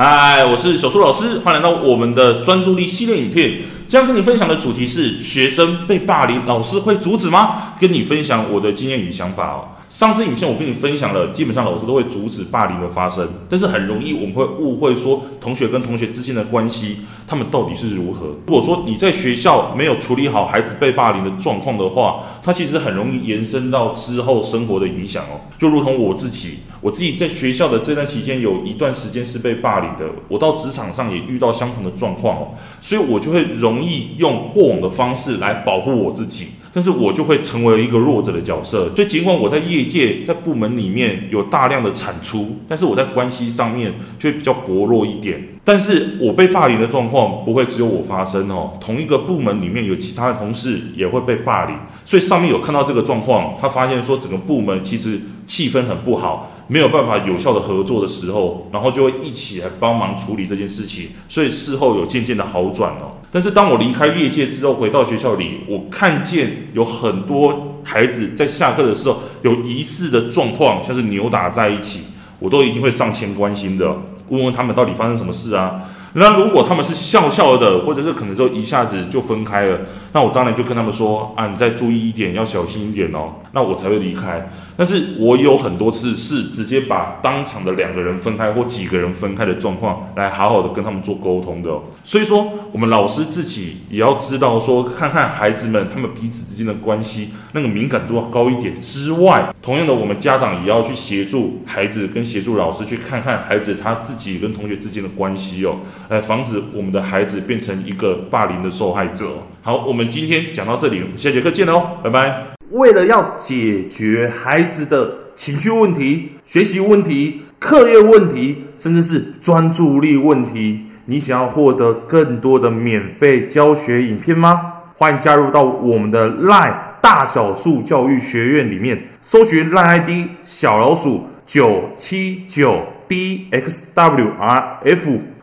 嗨，Hi，我是小蘇老師，歡迎來到我們的專注力系列影片。今天跟你分享的主題是：學生被霸凌，老師會阻止嗎？跟你分享我的經驗與想法哦。上次影片我跟你分享了，基本上老師都會阻止霸凌的發生，但是很容易我們會誤會說同學跟同學之間的關係，他們到底是如何？如果說你在學校沒有處理好孩子被霸凌的狀況的話，它其實很容易延伸到之後生活的影響哦。就如同我自己，我自己在學校的這段期間有一段時間是被霸凌的，我到職場上也遇到相同的狀況哦，所以我就會容易用過往的方式來保護我自己。但是我就會成為一個弱者的角色，所以儘管我在業界、在部門裡面有大量的產出，但是我在關係上面卻比較薄弱一點。但是我被霸凌的狀況不會只有我發生哦，同一個部門裡面有其他的同事也會被霸凌，所以上面有看到這個狀況，他發現說整個部門其實氣氛很不好，沒有辦法有效的合作的時候，然後就會一起來幫忙處理這件事情，所以事後有漸漸的好轉哦。但是當我離開業界之後，回到學校裡，我看見有很多孩子在下課的時候有疑似的狀況，像是扭打在一起，我都一定會上前關心的，問問他們到底發生什麼事啊。那如果他們是笑笑的，或者是可能就一下子就分開了，那我當然就跟他們說啊，你再注意一點，要小心一點哦，那我才會離開。但是我有很多次是直接把當場的兩個人分開或幾個人分開的狀況來好好的跟他們做溝通的哦。所以說，我們老師自己也要知道說，看看孩子們他們彼此之間的關係那個敏感度要高一點之外，同樣的，我們家長也要去協助孩子跟協助老師去看看孩子他自己跟同學之間的關係哦。來防止我們的孩子變成一個霸凌的受害者。好，我們今天講到這裡，我們下節課見了哦，拜拜。為了要解決孩子的情緒問題、學習問題、課業問題，甚至是專注力問題，你想要獲得更多的免費教學影片嗎？歡迎加入到我們的 LINE 大小樹教育學院裡面，搜尋 LINE ID 小老鼠 979DXWRF。